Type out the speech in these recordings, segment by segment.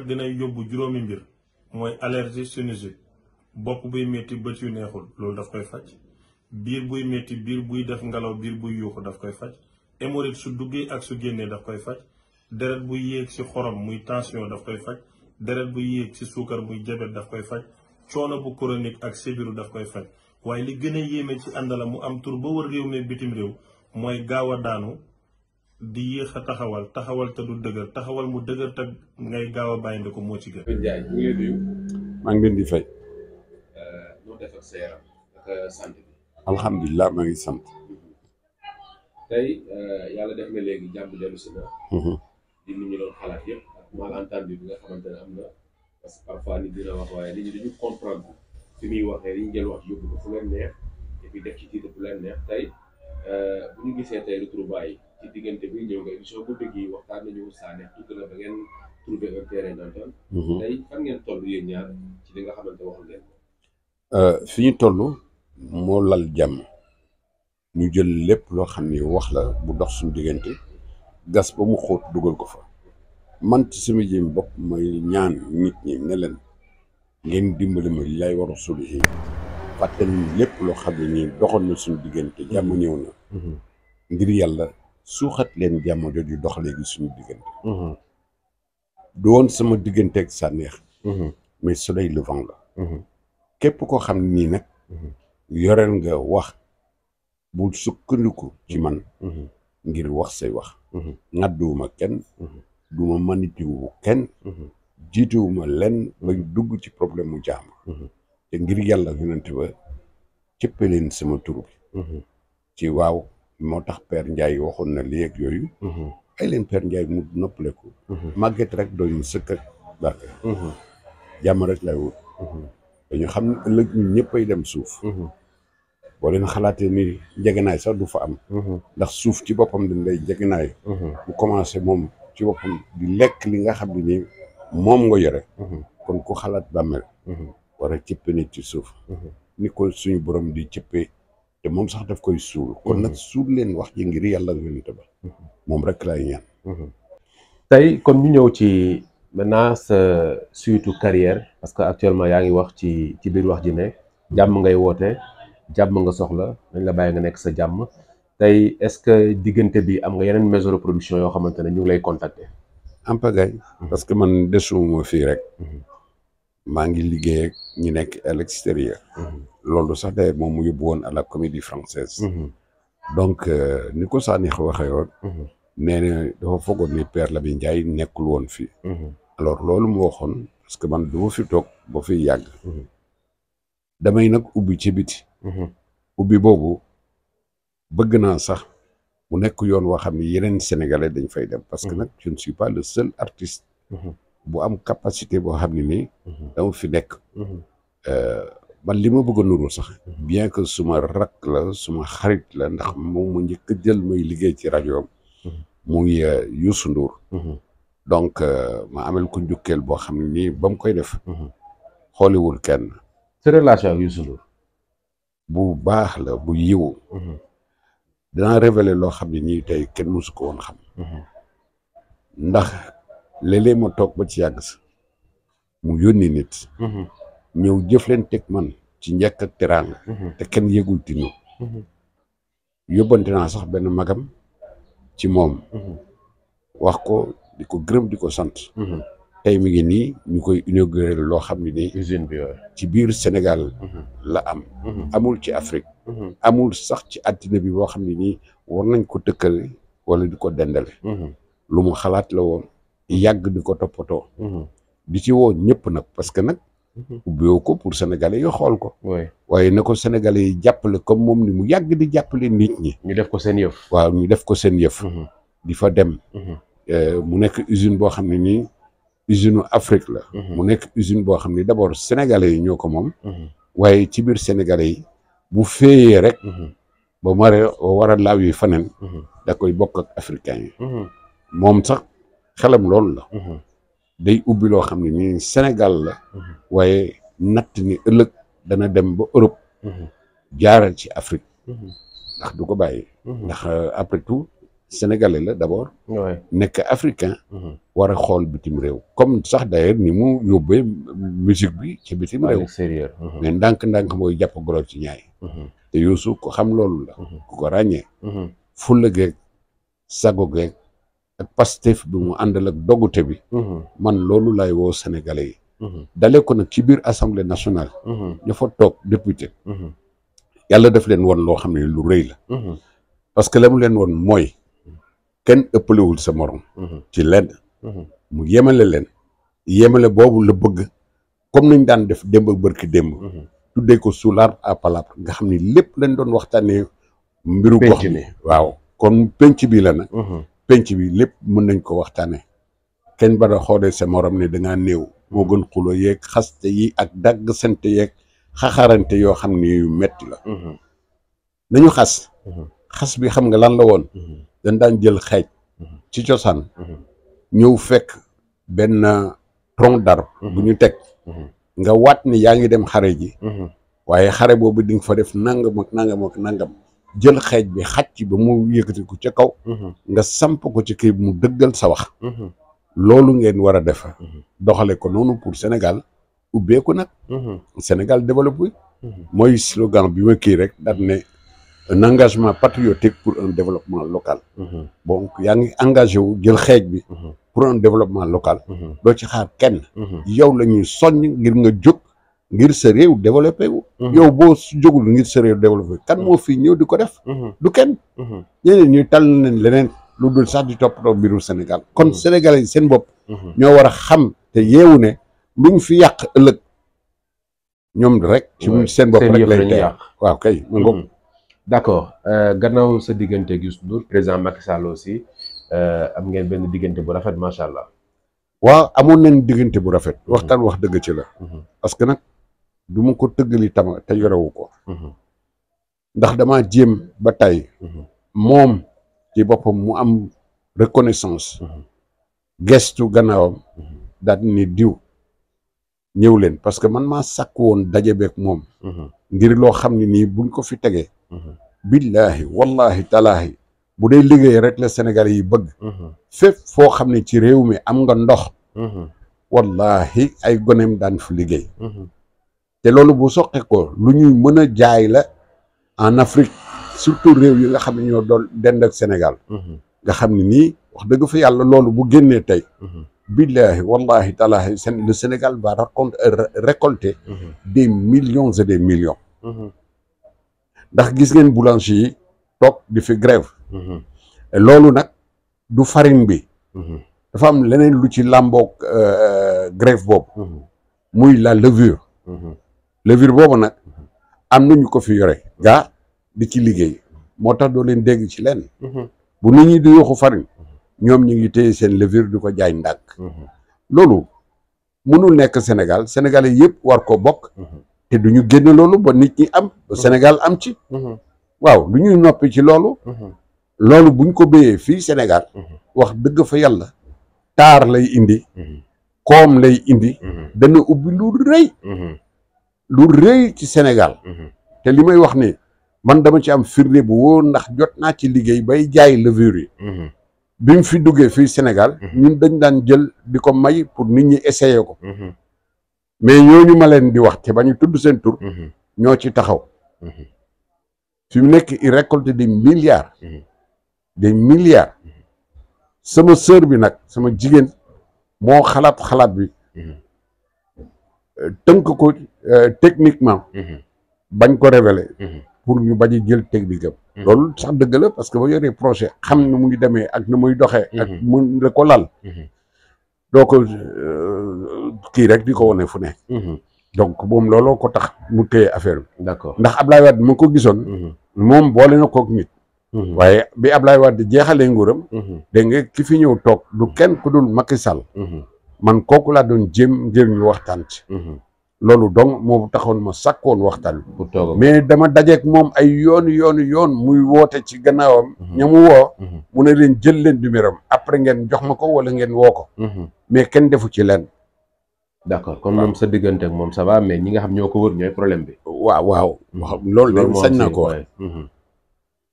feebar dina yóbbu juróomi mbir mooy allergie sinusite bopp buy métti bët yu neexul loolu daf koy faj biir buy métti biir buy def ngelaw biir buy yuuxu daf koy faj hémorroïde su duggee ak su génnee daf koy faj deret bu yéeg ci xorom muy tension daf koy faj deret bu yéeg ci suukar muy jabet daf koy faj coono bu chronique ak sébiru daf koy faj waaye li gën a yéeme ci àndala mu am tur ba wër réew mi bitim réew mooy gaaw daanu di yéex taxawal taxawal te du dëgër taxawal mu dëgër te ngay gaaw a bàyyi ko moo ci gën. Ndiaye maa ngi leen di fay. Euh, noo def ak euh, ngi sant. Euh, yàlla def na léegi jàmm dellu si na. Mhm. di nit ñi doon xalaat yëpp ak malentendu bi nga xamante am na parfois nit waaye nit ñi dañu muy waxee li ñu jël wax yóbbu ko fu leen neex et def ci titre bu leen neex tey bu ñu gisee tey retrouvailles yi. ci bi ñëw nga gi waxtaan nañu saa neex tudd na ba ngeen trouvé un terrain d'entente. Mhm. toll yéen ñaar euh, fi ñu toll moo lal jàmm ñu jël lépp loo xam ni wax la bu dox suñu diggante gas ba mu xóot dugal ko fa man ci sama jëm bopp may ñaan nit ñi ne leen ngeen dimbali ma li lay war a suluhi fàttali lépp loo xam ne nii doxoon na suñu diggante jàmm ñëw na. Mhm. ngir yàlla. suuxat leen jàmm jooju dox léegi suñu diggante. Mm-hmm. du sama diggante ak sànneex. Mm-hmm. mais soleil levant la. Mm-hmm. képp koo xam nii nag. yoreel nga wax bul sukkandiku ci man. ngir wax say wax. ŋàdduwuma kenn. du ma manitiwu kenn. jiituwuma lenn bañ dugg ci problème mu jaam. te ngir yàlla yonent ba cëppaleen sama tur bi. ci waaw. moo tax Père Ndiaye waxoon na lii ak yooyu. ay mhm. leen Père Ndiaye mu noppaleku. Mhm. màgget rek doy ñu sëkk ak barke. Mhm. wut. dañu xam ne ëllëg ñun dem suuf. boo leen xalaatee ni njëgënaay sax du fa am. ndax suuf ci boppam dañ lay njëgënaay. bu commencé moom ci boppam di lekk li nga xam ne moom nga yore. kon ku xalaat bàmmeel. war a nit ci suuf. ni ko suñu borom di cëppee. te moom sax daf koy suul kon nag mm-hmm. suul leen wax ji ngir yàlla yonent ba mm-hmm. moom rek laay ñaan mm-hmm. tey kon ñu ñëw ci maintenant sa suite carrière parce que actuellement yaa ngi wax ci ci biir wax ji ne jàmm ngay woote jàmm nga soxla dañ la bàyyi nga nekk sa jàmm tey est-ce que diggante bi am nga yeneen maison de production yoo xamante ne ñu ngi lay contacter. am pagaille parce que man desuma fii rek maa ngi liggéey ak ñi nekk à l'extérieur mhm. loolu sax day moom mu yóbbu woon à la comédie française mhm. donc euh, ni ko Sanekh waxee woon mhm. nee na dafa foogoon ni Père Lamine Ndiaye nekkul woon fii alors loolu mu waxoon parce que man du ma fi toog ba fi yàgg damay nag ubbi ci biti ubbi boobu bëgg naa sax mu nekk yoon woo xam ne yeneen sénégalais dañ fay dem parce que nag je ne pas le seul artiste bu am capacité boo xam ne nii. Mhm. dama fi nekk. Mhm. Euh, man li ma bëgg a nuru sax. Mhm. bien que suma rakk la suma xarit la ndax moom mu njëkk jël muy liggéey ci rajo mu muy euh, Youssou Ndour. donc euh, ma amel ko njukkeel boo xam ne nii ba mu koy def. xooliwul kenn. sa relation ak Youssou Ndour. bu baax la bu yiw dinaa révéler loo xam ne nii tey kenn mësu ko woon xam. ndax. léeg-léeg ma toog ba ci yàgg sa mu yónni nit mhm. ñëw jëf leen teg man ci njëkk ak teraanga mhm. te kenn yëgul ti ñu mhm. yóbbante naa sax benn magam ci moom wax ko di ko gërëm di ko sant tey mi ngi nii ñu koy inauguré loo xam ne nii usine bi ci biir Sénégal la am amul ci Afrique amul sax ci àddina bi boo xam ne nii war nañ ko tëkkale wala di ko dendale lu mu xalaat la woon yàgg di ko toppatoo. Mhm. di ci woo ñëpp nag parce que nag. Mhm. ubbiyoo ko pour sénégalais yi xool ko. waaye na ko sénégalais yi jàppale comme moom ni mu yàgg di jàppale nit ñi. ñu def ko seen yëf. waaw ñu def ko seen yëf. Mhm. di fa dem. Euh, mu nekk usine boo xam ne nii usine Afrique la. mu nekk usine boo xam ne d'abord sénégalais yi ñoo ko moom. waaye ci biir sénégalais yi bu féeyee rek. ba mare war a laaw yi faneen. da koy bokk ak africain yi. moom sax. xelam loolu la. Mhm. day ubbi loo xam ne nii Sénégal la. Mhm. waaye natt ni ëllëg dana dem ba Europe. Mhm. jaaral ci Afrique. ndax du ko bàyyi. ndax euh, après tout sénégalais la d' abord. nekk africain. war a xool bitim réew. comme sax d' ailleurs ni mu yóbbee musique bi ci bitim réew. mais ndànk-ndànk mooy jàpp golo ci ñaay. te Youssou ko xam loolu la. ku ko ràññee. fulla geeg sago geeg. ak pastef bi mu àndal ak dogute bi mhm. man loolu laay woo sénégalais yi mhm. dale ko nag ci biir assemblée nationale mhm. ña fa toog député yàlla daf leen woon loo xam ne lu rëy la parce que la mu leen woon mooy kenn ëppalewul sa morom ci lenn mu yemale leen yemale boobu la bëgg comme nañ daan def démb ak bërki démb tuddee ko soulard à nga xam ni lépp lañ doon waxtaanee mbiru gox mi waaw kon penc bi la nag penc bi lépp mën nañ ko waxtaane kenn bara xoole sa morom ne dangaa néew moo gën xulo yeeg xaste yi ak dagg sante yeeg xaxarante yoo xam ne yu metti la dañu mhm. xas mhm. xas bi xam nga lan la woon mhm. dañ daan jël xeej ci cosaan ñëw fekk benn tronc dar bu ñu teg nga waat ni yaa ngi dem xare ji waaye xare boobu di nga fa def nangam ak nangam ak nangam jël xeej bi xaj ci ba mu yëkkati ko ca kaw. Mhm. nga samp ko ci kii mu dëggal sa mhm. loolu ngeen war a def. Mhm. doxale ko noonu pour Sénégal ubbeeku nag. Sénégal développé. mooy slogan bi ma kii rek daal ne un engagement patriotique pour un développement local. donc yaa ngi engagé wu jël xeej bi. pour un développement local. doo ci xaar kenn. yow la ñuy ngir nga jóg. ngir sa réew développé wu. Mhm. yow boo jógul ngir sa réew développé kan mhm. moo fi ñëw di ko def. Mhm. du kenn. ñeneen ñuy tàll nañ leneen lu dul sax di toppatoo mbiru Sénégal kon Sénégalais seen bopp. ñoo war a xam te yeewu ne luñ fi yàq ëllëg ñoom di rek. ci seen bopp rek lay tey waaw kay. d'accord euh, gannaaw sa diggante ak Youssou Ndour président Macky Sall aussi euh, am ngeen benn diggante bu rafet macha allah. waaw amoon nañ diggante bu rafet. waxtaan wax dëgg ci la. du ma ko tëggali tama te yorewu ko mhm. ndax dama jéem ba tey mhm. moom ci boppam mu am reconnaissance mhm. gestu gannaawam daal ni diw ñëw leen parce que man maa sakk woon daje beeg moom ngir loo xam ne nii buñ ko fi tegee billaahi wallahi talaahi bu dee liggéey rek la senegal yi bëgg fépp foo xam ne ci réew mi am nga ndox wallahi ay goneem daan fi liggéey te loolu bu soqe ko lu ñuy mën a jaay la en Afrique surtout réew yi nga xam ne ñoo doon dend ak Sénégal mhm. nga xam ne nii wax dëgg fa yàlla loolu bu génnee tey mhm. billahi wallahi taala le Sénégal va raconte euh, récolter mhm. des millions et des millions ndax gis ngeen boulanger yi toog di fi grève loolu nag du farin bi dafa am leneen lu ci làmboog euh, euh, grève boobu muy la levure levure boobu nag am nañu ko fi yore gaa di ci liggéey moo tax doo leen dégg ci leen mhm. bu nit ñi di yuuxu farine ñoom ñu ngi téye seen levure di ko jaay ndànk mhm. loolu mënul nekk senegal sénégalais yëpp war ko bokk mhm. te du ñu génn loolu ba nit ñi am ba am ci waaw du ñuy noppi ci loolu loolu buñ ko béyee fii Sénégal wax dëgg fa yàlla taar lay indi koom lay indi dana ubbi lu rëy lu rëy ci Sénégal. Mhm. te li may wax ni man dama ci am firnde bu woo ndax jot naa ci liggéey bay jaay levure yi. Mhm. bi mu fi duggee fii Sénégal. Mhm. ñun dañ daan jël di ko may pour nit ñi essayer ko. mais ñooñu ma leen di wax te ba ñu tudd seen tur. ñoo ci taxaw. fi mu nekk il récolte des milliards. des milliards. sama sœur bi nag sama jigéen moo xalaat xalaat bi. Euh, tënk ko Euh, techniquement. Mhm. bañ ko révéler. Mhm. pour ñu bañ a jël technique am. Mhm. loolu sax dëgg la parce que ba yoree projet xam na mu ngi demee ak na muy doxee. ak mun la ko lal. doo ko euh, kii rek di ko wane fu ne. donc moom looloo ko tax mu téye affaire bi. d'accord ndax Ablaye Wade mu ko gisoon. moom boole na kook nit. waaye bi Ablaye di jeexalee nguuram. dégg nga ki fi ñëw toog du kenn ku dul Macky Sall. man kooku laa doon jéem ñu waxtaan ci. loolu donc moo taxoon ma sàkkoon waxtaan mais dama dajeek moom ay yoon yoonu yoon muy woote ci gannaawam mhm. ña mu woo mhm. mu ne leen jël leen numéro am après ngeen jox ma ko wala ngeen woo ko mhm. mais kenn defu ci leen d'accord kon moom sa diggante moom sa va mais ñi nga xam ñoo ko wër ñooy problème bi waaw waaw lool loolu de sañ na ko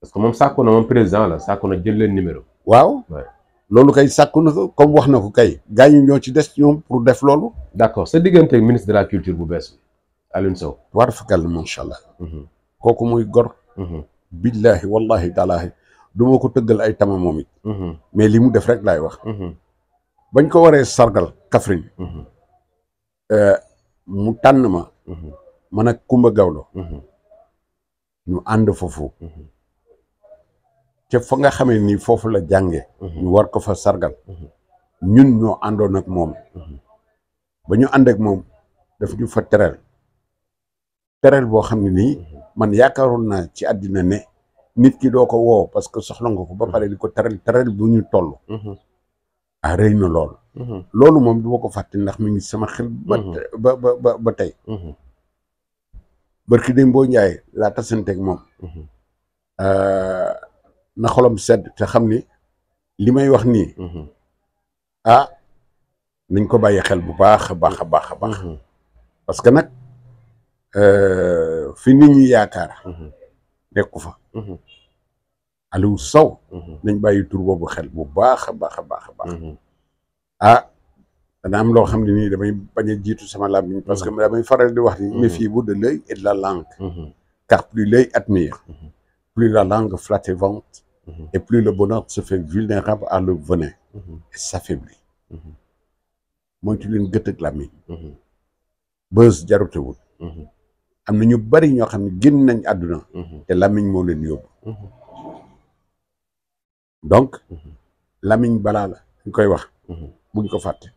parce que moom sàkku na moom président la sàkku na jël leen numéro waaw loolu kay sàkku na ko comme wax na ko kay gars yi ñoo ci des ñoom pour def loolu. d' accord sa diggante ak ministre de la culture bu bees bi Alioune Sow. war fakal macha allah. Mhm. kooku muy gor. Mhm. billahi wallahi taalaahi du ma ko tëggal ay tama moom it. Mhm. mais li mu def rek laay wax. bañ ko waree sargal Kaffrine. Euh, mu tànn ma. man ak Kumba Gawlo. ñu ànd foofu. ca fa nga xamee ni foofu la jànge mhm. ñu war ko fa sargal mhm. ñun ñoo àndoon ak moom mhm. ba ñu ànd ak moom daf ñu fa tereel tereel boo xam ne nii man yaakaaroon naa ci àddina ne nit ki doo ko woo parce que soxla nga ko ba pare di ko tereel tereel bu ñu toll ah rëy na lool loolu moom du ma ko fàtte ndax mi ngi sama xel ba ba ba tey barki démb boo njaay laa tasanteeg moom euh, na xolam sedd te xam ni li may wax nii mhm. ah nañ ko bàyyi xel bu baax a baax a baax a mhm. parce que nag euh, fi ni ñi yaakaar mhm. nekku fa Aliou Sow nañ bàyyi tur boobu xel bu baax a baax a baax a baax ah dana am loo xam ne nii damay bañ a jiitu sama làmmiñ parce que damay faral di wax ni méfiez-vous de l'œil et de la langue car plus l'œil admire plus la langue flatte et vente, mm -hmm. et plus le bonheur se fait vulnérable à le venin mm -hmm. et s'affaiblit mhm. moytu leen gët ak làmmiñ mhm. bës jarutewul mhm. am na ñu bari ñoo xam ne génn nañ àdduna te làmmiñ moo leen yóbbu donc làmmiñ balaa la ñu koy wax buñ ko fàtte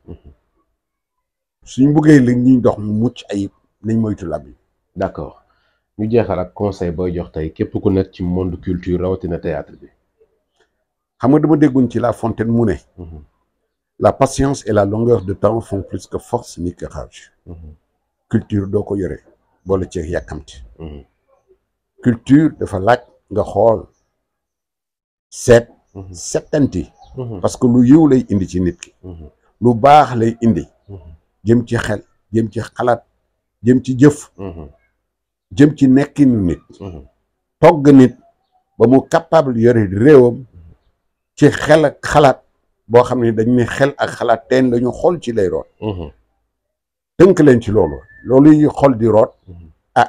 suñ buggee li ñuy dox mu mucc ayib nañ moytu làmmiñ d'accord ñu jeexal ak conseil booy jox tey képp ku nekk ci monde culture rawatina théâtre bi xam nga dama dégguñ ci La Fontaine mu ne mhm. la patience et la longueur de temps font plus que force ni que rage mhm. culture doo ko yore boole ci yàkkamti mhm. culture dafa laaj nga xool seet settanti parce que lu yiw lay indi ci nit ki lu baax lay indi jëm ci xel jëm ci xalaat jëm ci jëf jëm ci nekkin nit mhm. togg nit ba mu capable yore réewam ci xel ak xalaat boo xam ne dañ ne xel ak xalaat teen lañu xool ci lay root mhm. tënk leen ci loolu loolu yi xol di root mhm. ah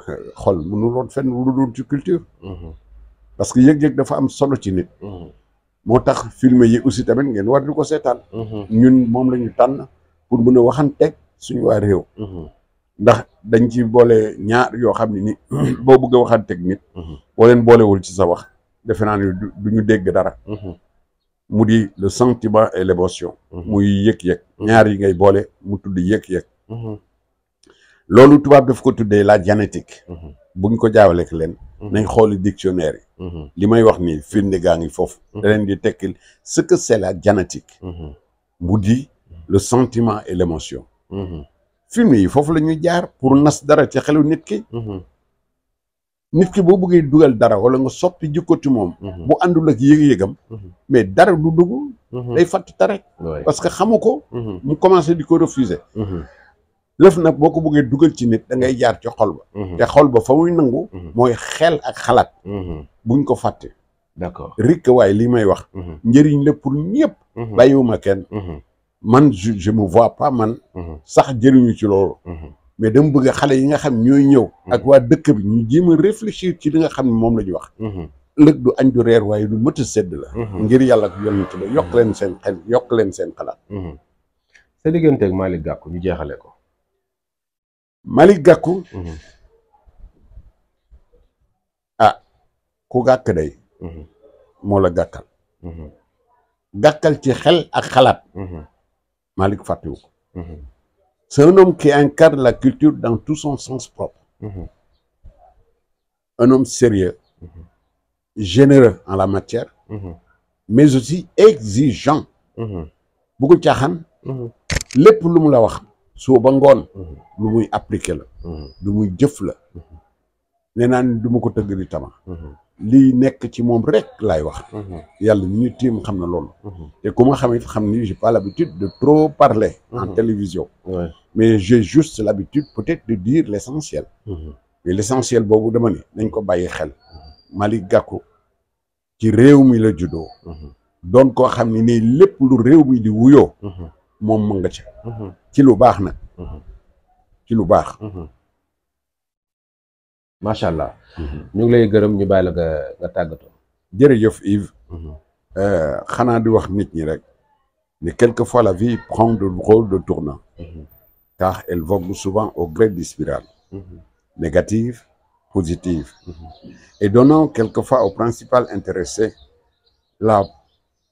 xol mënu root fenn lu ci culture parce que yëg-yëg dafa am solo ci nit moo tax film yi aussi tamit ngeen war di ko seetaan ñun moom lañu tànn pour mën a waxanteeg suñu waa réew ndax dañ ci boole ñaar yoo xam ne ni boo bëgg a waxaat technique mhm. boo leen boolewul ci sa wax defe naa ne du ñu dégg dara mhm. mu di le sentiment et l'émotion mhm. muy yëg-yëg ñaar yi ngay boole mu tudd yëg-yëg loolu tubaab daf ko tuddee la génétique buñ ko jaawaleek leen nañ xooli dictionnaire yi li may wax nii firnde gaa ngi foofu da leen di tekkil ce que c'est la génétique mu di le sentiment et l'émotion film yi foofu lañuy jaar pour nas dara ci xelu nit ki mhm. nit ki boo buggee dugal dara wala nga soppi jikko ci moom bu mhm. àndul ak yëg-yëgam mhm. mais dara du dugg day fàtt ta rek parce que xamu ko mu commencé di ko refuser lëf nag boo ko buggee dugal ci nit da ngay jaar ci xol ba te xol ba fa muy nangu mooy xel ak xalaat buñ ko fàtte d'accord rikk waaye lii may wax njëriñ la pour ñëpp bàyyiwuma kenn man je je me vois pas man. Mhm. sax jëriñu ci loolu. Mhm. mais dama bëgg xale yi nga xam ñooy ñëw. Mhm. ak waa dëkk bi ñu jéem a réfléchir ci li nga xam moom la ñu wax. ëllëg du añ reer waaye du mët sedd la. ngir yàlla ak yonent la yokk leen seen xel yokk leen seen xalaat. sa digganteeg Malick Gakou ñu jeexale ko. mali Gakou. ah ku gàkk day. moo la gàkkal. gàkkal ci xel ak xalaat. Malick fàttewu ko mhm. c'est un homme qui incarne la culture dans tout son sens propre mhm. un homme sérieux mhm. généreux en la matière mais aussi exigeant bu ko caaxaan lépp lu mu la wax soo ba ngoon lu muy appliquer la lu muy jëf la nee naa ni du ma ko tëgg tama lii nekk ci moom rek laay wax. Mhm. yàlla ñu tiim xam na loolu. Mhm. te ku ma xam it xam ni j'ai pas l'habitude de trop parler. en mhm. télévision. mais j'ai juste l'habitude peut-être de dire l'essentiel. le l'essentiel boobu dama ne nañ ko bàyyi xel. Malick Gakou ci réew mi la juddoo. doon koo xam ne nii lépp lu réew mi di wuyoo. moom mu nga ca. ci lu baax nag. ci lu baax. macha allah. Mhm. ñu ngi lay gërëm ñu bàyyi la nga nga tàggatoo. jërëjëf Yves. Mhm. Euh, xanaa di wax nit ñi rek. ni quelquefois la vie prend de drôles de tournants. Mhm. car elle vogue souvent au gré des spirales. négatives positives. et donnant quelquefois au principal intéressé la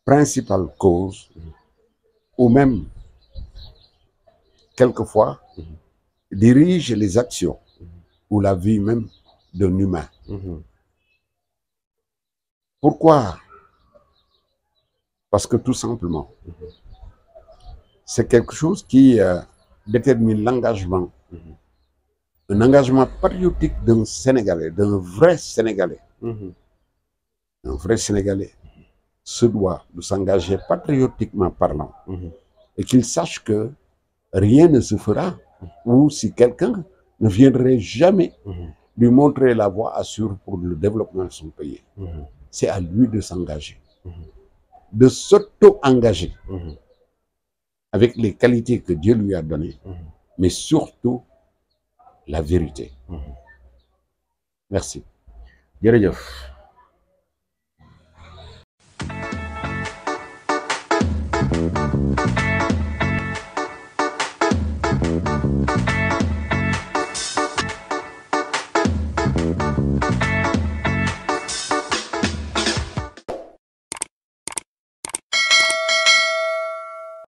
principale cause. ou même quelquefois dirige les actions. ou la vie même d'un mhm. Parce que tout simplement, mmh. c'est quelque chose qui euh, détermine l'engagement, mmh. un engagement patriotique d'un Sénégalais, d'un vrai mhm. vrai Sénégalais se doit de s'engager patriotiquement parlant mhm. et qu'il sache que rien ne se fera ou si quelqu'un ne viendrait jamais mhm. lui montrer la voie à pour le développement de son pays. Mhm. C'est à lui de s'engager, mhm. de s'auto-engager avec les qualités que Dieu lui a données, mais surtout la vérité.